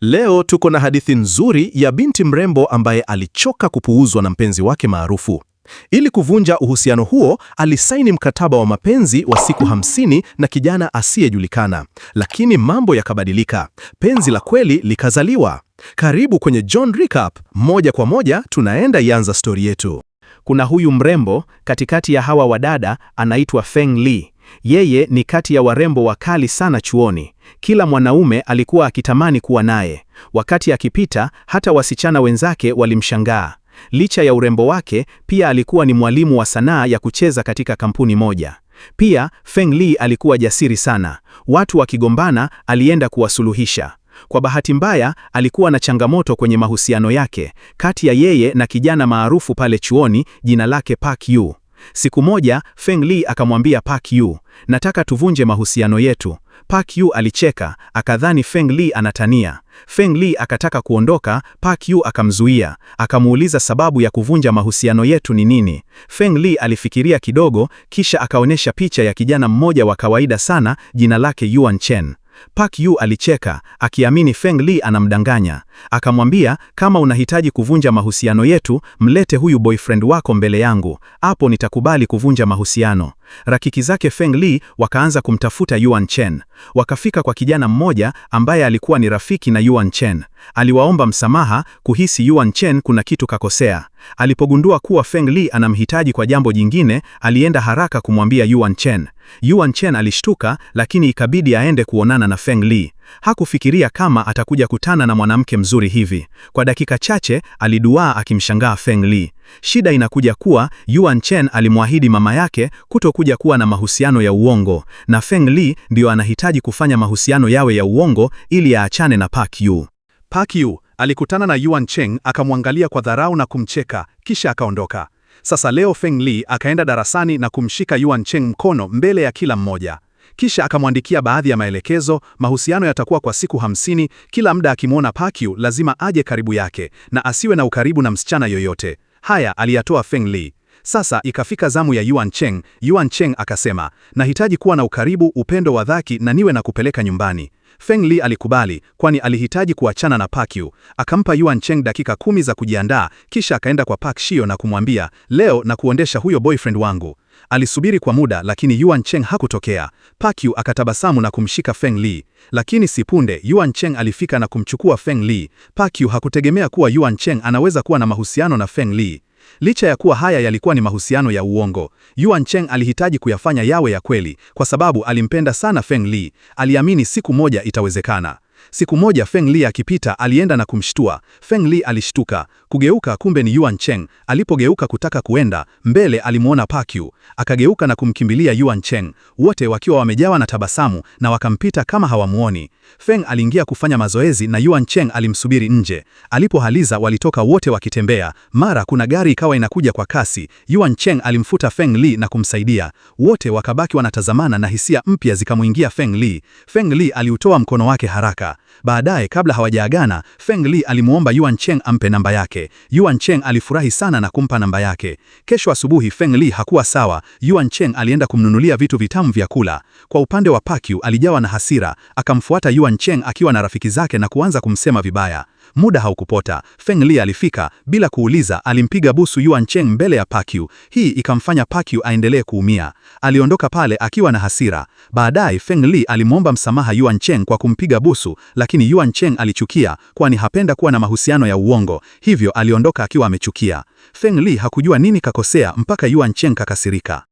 Leo tuko na hadithi nzuri ya binti mrembo ambaye alichoka kupuuzwa na mpenzi wake maarufu. Ili kuvunja uhusiano huo, alisaini mkataba wa mapenzi wa siku hamsini na kijana asiyejulikana. Lakini mambo yakabadilika. Penzi la kweli likazaliwa. Karibu kwenye John Recap. Moja kwa moja tunaenda ianza stori yetu. Kuna huyu mrembo katikati ya hawa wadada anaitwa Feng Li. Yeye ni kati ya warembo wakali sana chuoni. Kila mwanaume alikuwa akitamani kuwa naye. Wakati akipita, hata wasichana wenzake walimshangaa. Licha ya urembo wake, pia alikuwa ni mwalimu wa sanaa ya kucheza katika kampuni moja. Pia Feng Li alikuwa jasiri sana. Watu wakigombana, alienda kuwasuluhisha. Kwa bahati mbaya, alikuwa na changamoto kwenye mahusiano yake, kati ya yeye na kijana maarufu pale chuoni, jina lake Park Yu. Siku moja Feng Li akamwambia Park Yu, nataka tuvunje mahusiano yetu. Park Yu alicheka akadhani Feng Li anatania. Feng Li akataka kuondoka, Park Yu akamzuia, akamuuliza sababu ya kuvunja mahusiano yetu ni nini. Feng Li alifikiria kidogo, kisha akaonyesha picha ya kijana mmoja wa kawaida sana, jina lake Yuan Chen. Park Yu alicheka akiamini Feng Li anamdanganya, akamwambia kama unahitaji kuvunja mahusiano yetu, mlete huyu boyfriend wako mbele yangu, hapo nitakubali kuvunja mahusiano rakiki zake Feng Li wakaanza kumtafuta Yuan Chen. Wakafika kwa kijana mmoja ambaye alikuwa ni rafiki na Yuan Chen. Aliwaomba msamaha kuhisi Yuan Chen kuna kitu kakosea. Alipogundua kuwa Feng Li anamhitaji kwa jambo jingine, alienda haraka kumwambia Yuan Chen. Yuan Chen alishtuka, lakini ikabidi aende kuonana na Feng Li. Hakufikiria kama atakuja kutana na mwanamke mzuri hivi. Kwa dakika chache aliduaa akimshangaa Feng Li. Shida inakuja kuwa Yuan Chen alimwahidi mama yake kutokuja kuwa na mahusiano ya uongo, na Feng Li ndiyo anahitaji kufanya mahusiano yawe ya uongo ili yaachane na Park Yu. Park Yu alikutana na Yuan cheng akamwangalia kwa dharau na kumcheka, kisha akaondoka. Sasa leo Feng Li akaenda darasani na kumshika Yuan cheng mkono mbele ya kila mmoja, kisha akamwandikia baadhi ya maelekezo. Mahusiano yatakuwa kwa siku hamsini, kila muda akimwona Park Yu lazima aje karibu yake na asiwe na ukaribu na msichana yoyote. Haya aliyatoa Feng Li. Sasa ikafika zamu ya Yuan Cheng. Yuan Cheng akasema, nahitaji kuwa na ukaribu, upendo wa dhati na niwe na kupeleka nyumbani. Feng Li alikubali, kwani alihitaji kuachana na pakyu Yu. Akampa Yuan Cheng dakika kumi za kujiandaa, kisha akaenda kwa pak Shio na kumwambia, leo na kuondesha huyo boyfriend wangu. Alisubiri kwa muda lakini Yuan Cheng hakutokea. pakyu Yu akatabasamu na kumshika Feng Li, lakini sipunde Yuan Cheng alifika na kumchukua Feng Li. pakyu Yu hakutegemea kuwa Yuan Cheng anaweza kuwa na mahusiano na Feng Li. Licha ya kuwa haya yalikuwa ni mahusiano ya uongo, Yuan Cheng alihitaji kuyafanya yawe ya kweli, kwa sababu alimpenda sana Feng Li. Aliamini siku moja itawezekana. Siku moja Feng Li akipita alienda na kumshtua. Feng Li alishtuka kugeuka, kumbe ni Yuan Cheng. Alipogeuka kutaka kuenda mbele, alimwona Yu, akageuka na kumkimbilia Yuan Cheng, wote wakiwa wamejawa na tabasamu na wakampita kama hawamuoni. Feng aliingia kufanya mazoezi na Yuan Cheng alimsubiri nje. Alipohaliza walitoka wote wakitembea, mara kuna gari ikawa inakuja kwa kasi. Yuan Cheng alimfuta Feng Li na kumsaidia, wote wakabaki wanatazamana na hisia mpya zikamwingia Feng Li. Feng Li aliutoa mkono wake haraka Baadaye, kabla hawajaagana, Feng Li alimwomba Yuan Cheng ampe namba yake. Yuan Cheng alifurahi sana na kumpa namba yake. Kesho asubuhi Feng Li hakuwa sawa. Yuan Cheng alienda kumnunulia vitu vitamu vya kula. Kwa upande wa Pakyu alijawa na hasira, akamfuata Yuan Cheng akiwa na rafiki zake na kuanza kumsema vibaya. Muda haukupota, Feng Li alifika bila kuuliza, alimpiga busu Yuan Cheng mbele ya Pakyu. Hii ikamfanya Pakyu aendelee kuumia. Aliondoka pale akiwa na hasira. Baadaye Feng Li alimwomba msamaha Yuan Cheng kwa kumpiga busu, lakini Yuan Cheng alichukia, kwani hapenda kuwa na mahusiano ya uongo, hivyo aliondoka akiwa amechukia. Feng Li hakujua nini kakosea mpaka Yuan Cheng kakasirika.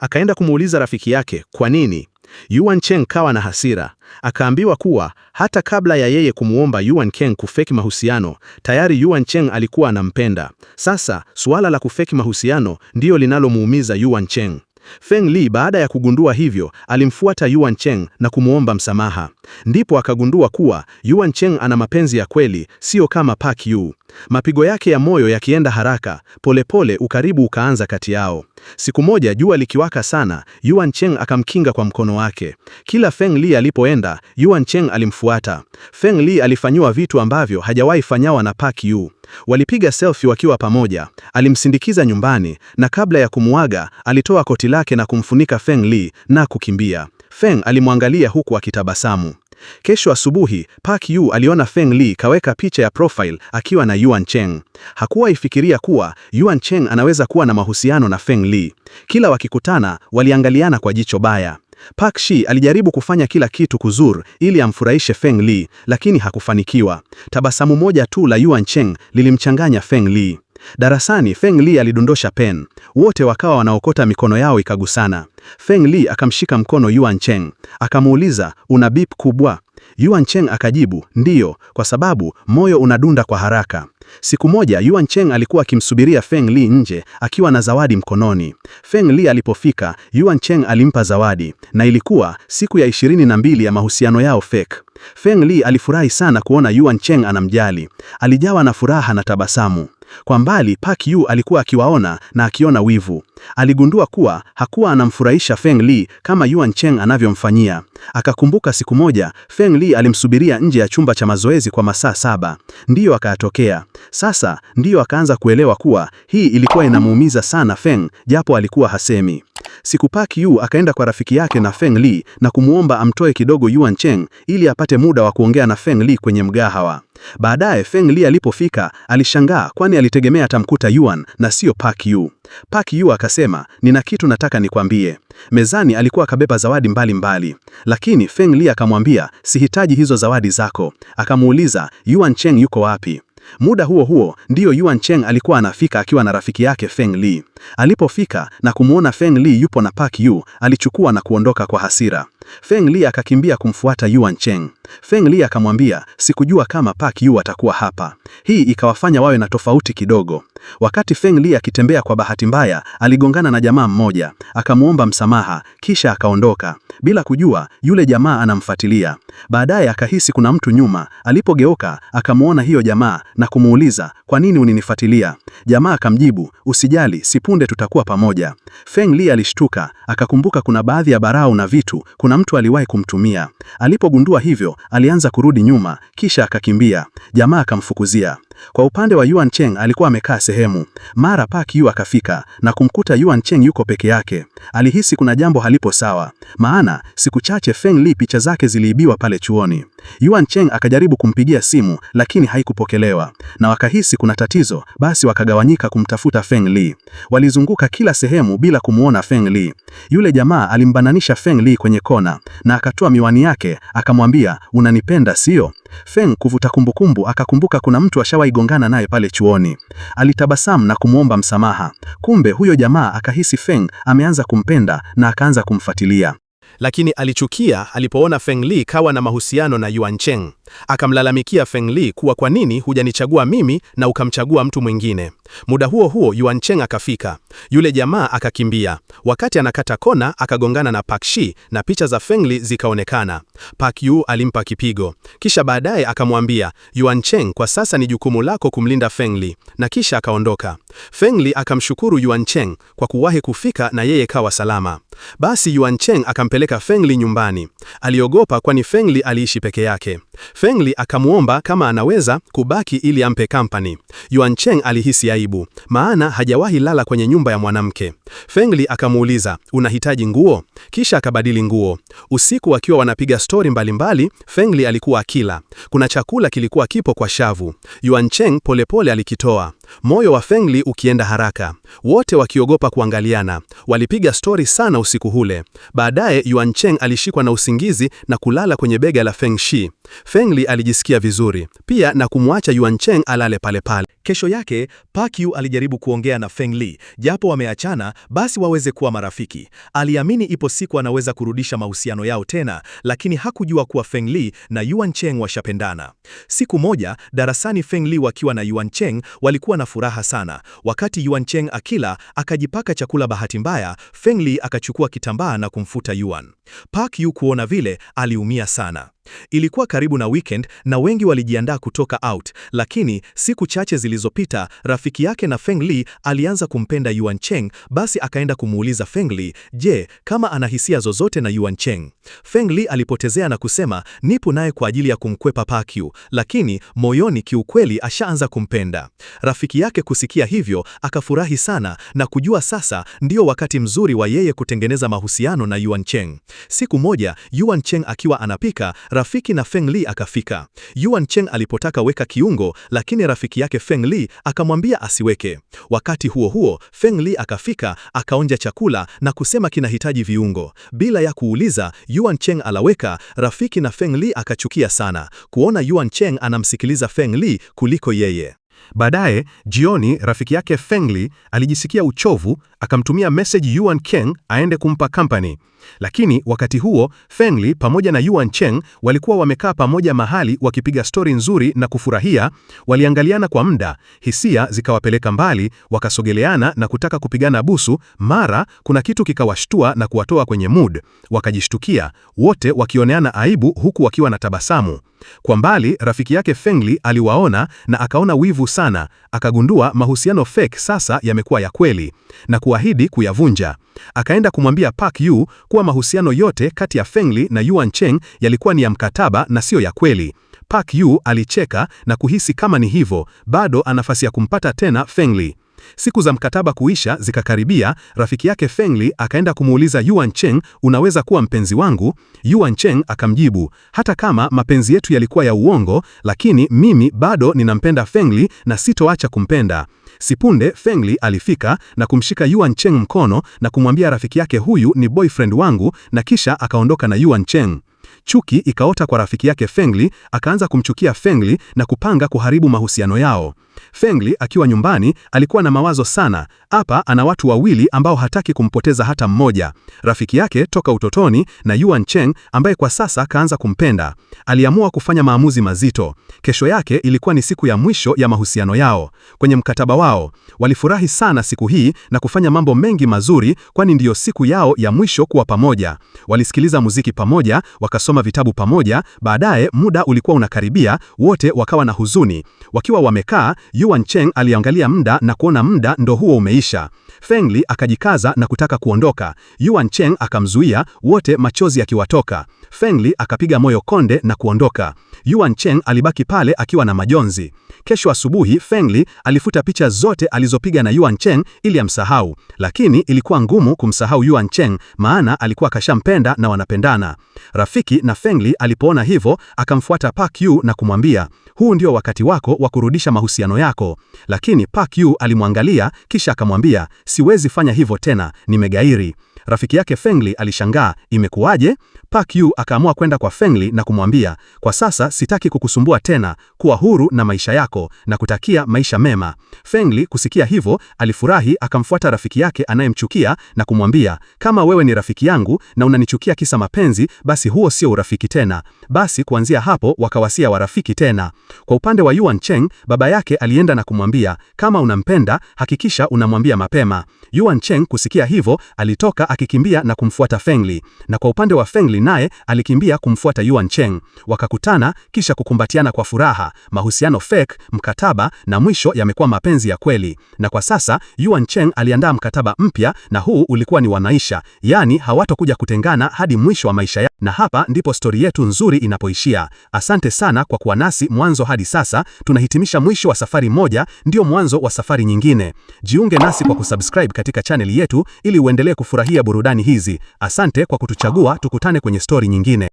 Akaenda kumuuliza rafiki yake kwa nini Yuan Cheng kawa na hasira, akaambiwa kuwa hata kabla ya yeye kumwomba Yuan Cheng kufeki mahusiano, tayari Yuan Cheng alikuwa anampenda. Sasa suala la kufeki mahusiano ndiyo linalomuumiza Yuan Cheng. Feng Li baada ya kugundua hivyo, alimfuata Yuan Cheng na kumwomba msamaha. Ndipo akagundua kuwa Yuan Cheng ana mapenzi ya kweli, sio kama Park Yu. Mapigo yake ya moyo yakienda haraka, polepole ukaribu ukaanza kati yao. Siku moja jua likiwaka sana, Yuan Cheng akamkinga kwa mkono wake. Kila Feng Li alipoenda, Yuan Cheng alimfuata. Feng Li alifanyiwa vitu ambavyo hajawahi fanyawa na Park Yu. Walipiga selfie wakiwa pamoja, alimsindikiza nyumbani na kabla ya kumuaga, alitoa koti lake na kumfunika Feng Li na kukimbia. Feng alimwangalia huku akitabasamu. Kesho asubuhi, Park Yu aliona Feng Li kaweka picha ya profile akiwa na Yuan Cheng. Hakuwa ifikiria kuwa Yuan Cheng anaweza kuwa na mahusiano na Feng Li. Kila wakikutana, waliangaliana kwa jicho baya. Park Shi alijaribu kufanya kila kitu kuzur ili amfurahishe Feng Li, lakini hakufanikiwa. Tabasamu moja tu la Yuan Cheng lilimchanganya Feng Li. Darasani Feng Li alidondosha pen, wote wakawa wanaokota mikono yao ikagusana. Feng Li akamshika mkono Yuan Cheng akamuuliza, una bip kubwa? Yuan Cheng akajibu ndiyo, kwa sababu moyo unadunda kwa haraka. Siku moja Yuan Cheng alikuwa akimsubiria Feng Li nje akiwa na zawadi mkononi. Feng Li alipofika, Yuan Cheng alimpa zawadi na ilikuwa siku ya ishirini na mbili ya mahusiano yao fake. Feng Li alifurahi sana kuona Yuan Cheng anamjali. Alijawa na furaha na tabasamu. Kwa mbali Park Yu alikuwa akiwaona na akiona wivu. Aligundua kuwa hakuwa anamfurahisha Feng Li kama Yuan Cheng anavyomfanyia. Akakumbuka siku moja Feng Li alimsubiria nje ya chumba cha mazoezi kwa masaa saba, ndiyo akatokea. Sasa ndiyo akaanza kuelewa kuwa hii ilikuwa inamuumiza sana Feng, japo alikuwa hasemi. Siku Park Yu akaenda kwa rafiki yake na Feng Li na kumwomba amtoe kidogo Yuan Cheng ili apate muda wa kuongea na Feng Li kwenye mgahawa. Baadaye Feng Li alipofika alishangaa, kwani alitegemea atamkuta Yuan na sio Park Yu. Park Yu akasema, nina kitu nataka nikwambie. Mezani alikuwa akabeba zawadi mbalimbali mbali. Lakini Feng Li akamwambia, sihitaji hizo zawadi zako. Akamuuliza, Yuan Cheng yuko wapi? Muda huo huo ndiyo Yuan Cheng alikuwa anafika akiwa na rafiki yake Feng Li. Alipofika na kumwona Feng Li yupo na Park Yu, alichukua na kuondoka kwa hasira. Feng Li akakimbia kumfuata Yuan Cheng. Feng Li akamwambia, sikujua kama Park Yu atakuwa hapa. Hii ikawafanya wawe na tofauti kidogo. Wakati Feng Li akitembea kwa bahati mbaya, aligongana na jamaa mmoja, akamwomba msamaha, kisha akaondoka bila kujua yule jamaa anamfuatilia. Baadaye akahisi kuna mtu nyuma, alipogeuka akamwona hiyo jamaa na kumuuliza, kwa nini uninifuatilia? Jamaa akamjibu, usijali, sipunde tutakuwa pamoja. Feng Li alishtuka, akakumbuka kuna baadhi ya barau na vitu kuna kuna mtu aliwahi kumtumia. Alipogundua hivyo, alianza kurudi nyuma, kisha akakimbia. Jamaa akamfukuzia. Kwa upande wa Yuan Cheng alikuwa amekaa sehemu, mara Park Yu akafika na kumkuta Yuan Cheng yuko peke yake. Alihisi kuna jambo halipo sawa, maana siku chache Feng Li picha zake ziliibiwa pale chuoni. Yuan Cheng akajaribu kumpigia simu lakini haikupokelewa, na wakahisi kuna tatizo, basi wakagawanyika kumtafuta Feng Li. Walizunguka kila sehemu bila kumwona Feng Li. Yule jamaa alimbananisha Feng Li kwenye kona na akatoa miwani yake akamwambia, unanipenda sio? Feng kuvuta kumbukumbu, akakumbuka kuna mtu ashawaigongana naye pale chuoni. Alitabasamu na kumwomba msamaha. Kumbe huyo jamaa akahisi Feng ameanza kumpenda na akaanza kumfuatilia, lakini alichukia alipoona Feng Li kawa na mahusiano na Yuan Cheng. Akamlalamikia Feng Li kuwa kwa nini hujanichagua mimi na ukamchagua mtu mwingine. Muda huo huo Yuan Cheng akafika, yule jamaa akakimbia. Wakati anakata kona akagongana na Park Shi na picha za Feng Li zikaonekana. Park Yu alimpa kipigo, kisha baadaye akamwambia Yuan Cheng, kwa sasa ni jukumu lako kumlinda Feng Li, na kisha akaondoka. Feng Li akamshukuru Yuan Cheng kwa kuwahi kufika na yeye kawa salama. Basi Yuan Cheng akampeleka Feng Li nyumbani. Aliogopa kwani Feng Li aliishi peke yake. Fengli akamwomba kama anaweza kubaki ili ampe kampani. Yuan Cheng alihisi aibu, maana hajawahi lala kwenye nyumba ya mwanamke. Fengli akamuuliza, unahitaji nguo? Kisha akabadili nguo. Usiku wakiwa wanapiga stori mbalimbali, Fengli alikuwa akila. Kuna chakula kilikuwa kipo kwa shavu. Yuan Cheng polepole alikitoa moyo wa Fengli ukienda haraka, wote wakiogopa kuangaliana. Walipiga stori sana usiku ule. Baadaye Yuan Cheng alishikwa na usingizi na kulala kwenye bega la Feng Shi. Fengli alijisikia vizuri pia na kumwacha Yuan Cheng alale pale pale. Kesho yake Park Yu alijaribu kuongea na Feng Li, japo wameachana basi waweze kuwa marafiki. Aliamini ipo siku anaweza kurudisha mahusiano yao tena, lakini hakujua kuwa Feng Li na Yuan Cheng washapendana. Siku moja darasani, Feng Li wakiwa na Yuan Cheng walikuwa na na furaha sana. Wakati Yuan Cheng akila akajipaka chakula, bahati mbaya Li akachukua kitambaa na kumfuta Yuan. Park Yu kuona vile aliumia sana. Ilikuwa karibu na weekend na wengi walijiandaa kutoka out, lakini siku chache zilizopita rafiki yake na Feng Li alianza kumpenda Yuan Cheng, basi akaenda kumuuliza Feng Li, je, kama ana hisia zozote na Yuan Cheng. Feng Li alipotezea na kusema nipo naye kwa ajili ya kumkwepa Park Yu, lakini moyoni kiukweli ashaanza kumpenda. Rafiki yake kusikia hivyo akafurahi sana na kujua sasa ndio wakati mzuri wa yeye kutengeneza mahusiano na Yuan Cheng. Siku moja Yuan Cheng akiwa anapika Rafiki na Feng Li akafika. Yuan Cheng alipotaka weka kiungo, lakini rafiki yake Feng Li akamwambia asiweke. Wakati huo huo, Feng Li akafika, akaonja chakula na kusema kinahitaji viungo. Bila ya kuuliza, Yuan Cheng alaweka. Rafiki na Feng Li akachukia sana kuona Yuan Cheng anamsikiliza Feng Li kuliko yeye. Baadaye jioni, rafiki yake Fengli alijisikia uchovu, akamtumia message Yuan Cheng aende kumpa company. Lakini wakati huo Fengli pamoja na Yuan Cheng walikuwa wamekaa pamoja mahali wakipiga stori nzuri na kufurahia. Waliangaliana kwa muda, hisia zikawapeleka mbali, wakasogeleana na kutaka kupigana busu. Mara kuna kitu kikawashtua na kuwatoa kwenye mood, wakajishtukia wote wakioneana aibu, huku wakiwa na tabasamu. Kwa mbali rafiki yake Fengli aliwaona na akaona wivu nguvu sana, akagundua mahusiano fake sasa yamekuwa ya kweli na kuahidi kuyavunja. Akaenda kumwambia Park Yu kuwa mahusiano yote kati ya fengli na Yuan Cheng yalikuwa ni ya mkataba na siyo ya kweli. Park Yu alicheka na kuhisi kama ni hivyo, bado ana nafasi ya kumpata tena fengli Siku za mkataba kuisha zikakaribia, rafiki yake Fengli akaenda kumuuliza Yuan Cheng, unaweza kuwa mpenzi wangu? Yuan Cheng akamjibu, hata kama mapenzi yetu yalikuwa ya uongo, lakini mimi bado ninampenda Fengli na sitoacha kumpenda. Sipunde Fengli alifika na kumshika Yuan Cheng mkono na kumwambia rafiki yake huyu ni boyfriend wangu, na kisha akaondoka na Yuan Cheng. Chuki ikaota kwa rafiki yake Fengli, akaanza kumchukia Fengli na kupanga kuharibu mahusiano yao. Fengli akiwa nyumbani alikuwa na mawazo sana. Hapa ana watu wawili ambao hataki kumpoteza hata mmoja, rafiki yake toka utotoni na Yuan Cheng ambaye kwa sasa kaanza kumpenda. Aliamua kufanya maamuzi mazito. Kesho yake ilikuwa ni siku ya mwisho ya mahusiano yao kwenye mkataba wao. Walifurahi sana siku hii na kufanya mambo mengi mazuri, kwani ndiyo siku yao ya mwisho kuwa pamoja. Walisikiliza muziki pamoja, wakasoma vitabu pamoja. Baadaye muda ulikuwa unakaribia, wote wakawa na huzuni. Wakiwa wamekaa Yuan Cheng aliangalia muda na kuona muda ndo huo umeisha. Fengli akajikaza na kutaka kuondoka. Yuan Cheng akamzuia, wote machozi akiwatoka Fengli akapiga moyo konde na kuondoka. Yuan Cheng alibaki pale akiwa na majonzi. Kesho asubuhi Fengli alifuta picha zote alizopiga na Yuan Cheng ili amsahau, lakini ilikuwa ngumu kumsahau Yuan Cheng, maana alikuwa kashampenda na wanapendana. Rafiki na Fengli alipoona hivyo akamfuata Park Yu na kumwambia, huu ndio wakati wako wa kurudisha mahusiano mapambano yako. Lakini Park Yu alimwangalia kisha akamwambia, siwezi fanya hivyo tena, nimegairi. Rafiki yake Fengli alishangaa, imekuwaje? Park Yu akaamua kwenda kwa Fengli na kumwambia, kwa sasa sitaki kukusumbua tena, kuwa huru na maisha yako na kutakia maisha mema. Fengli kusikia hivyo alifurahi, akamfuata rafiki yake anayemchukia na kumwambia, kama wewe ni rafiki yangu na unanichukia kisa mapenzi, basi huo sio urafiki tena. Basi kuanzia hapo wakawasia warafiki tena. Kwa upande wa Yuan Cheng, baba yake alienda na kumwambia, kama unampenda hakikisha unamwambia mapema. Yuan Cheng kusikia hivyo alitoka akikimbia na kumfuata Fengli, na kwa upande wa Fengli naye alikimbia kumfuata Yuan Cheng. Wakakutana kisha kukumbatiana kwa furaha, mahusiano fake, mkataba na mwisho yamekuwa mapenzi ya kweli. Na kwa sasa Yuan Cheng aliandaa mkataba mpya, na huu ulikuwa ni wa maisha, yaani hawatokuja kutengana hadi mwisho wa maisha yao. Na hapa ndipo stori yetu nzuri inapoishia. Asante sana kwa kuwa nasi mwanzo hadi sasa. Tunahitimisha mwisho wa safari moja, ndio mwanzo wa safari nyingine. Jiunge nasi kwa kusubscribe katika chaneli yetu ili uendelee kufurahia burudani hizi. Asante kwa kutuchagua, tukutane kwenye kwenye stori nyingine.